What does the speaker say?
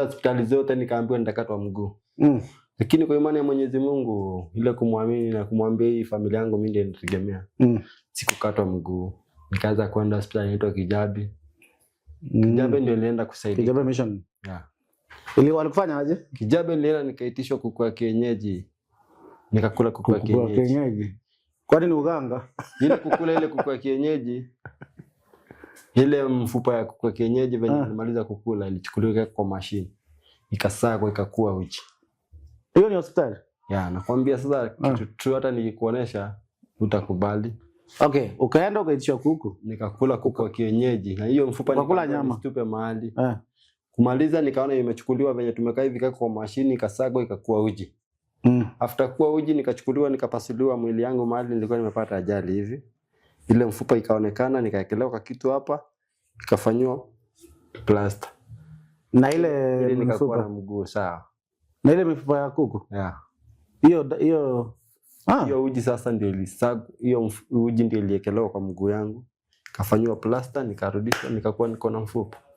hospitali zote nikaambiwa nitakatwa mguu mm. Lakini kwa imani ya Mwenyezi Mungu ile kumwamini na kumwambia hii familia yangu mimi ndiye nitegemea mm. Sikukatwa mguu, nikaanza kwenda hospitali inaitwa Kijabi mm. Kijabi ndio nilienda kusaidia Kijabi mission yeah. Ili walikufanya aje? Kijabi nilienda nikaitishwa kuku wa kienyeji, nikakula kuku wa kienyeji. Kwani ni uganga? ile kukula ile kuku wa kienyeji ile mfupa ya kuku kienyeji venye ah. nilimaliza kukula ilichukuliwa kwa mashine ikasagwa ikakuwa uchi. Hiyo ni hospitali ya nakwambia. Sasa ah. kitu tu hata nikikuonesha utakubali. Okay, ukaenda ukaitisha kuku, nikakula kuku wa kienyeji na hiyo mfupa nikakula nyama tupe mahali eh. Kumaliza nikaona imechukuliwa venye tumekaa hivi, kwa mashine ikasagwa ikakuwa uji mm. After kuwa uji nikachukuliwa nikapasuliwa mwili yangu mahali nilikuwa nimepata ajali hivi ile mfupa ikaonekana, nikaekelewa kwa kitu hapa, ikafanyiwa plasta na ile, mfupa na mguu sawa, na ile mifupa ya kuku hiyo yeah. hiyo hiyo ah. uji sasa ndio ilisaga hiyo uji ndio iliekelewa kwa mguu yangu, kafanywa plasta, nikarudishwa, nikakuwa niko na mfupa.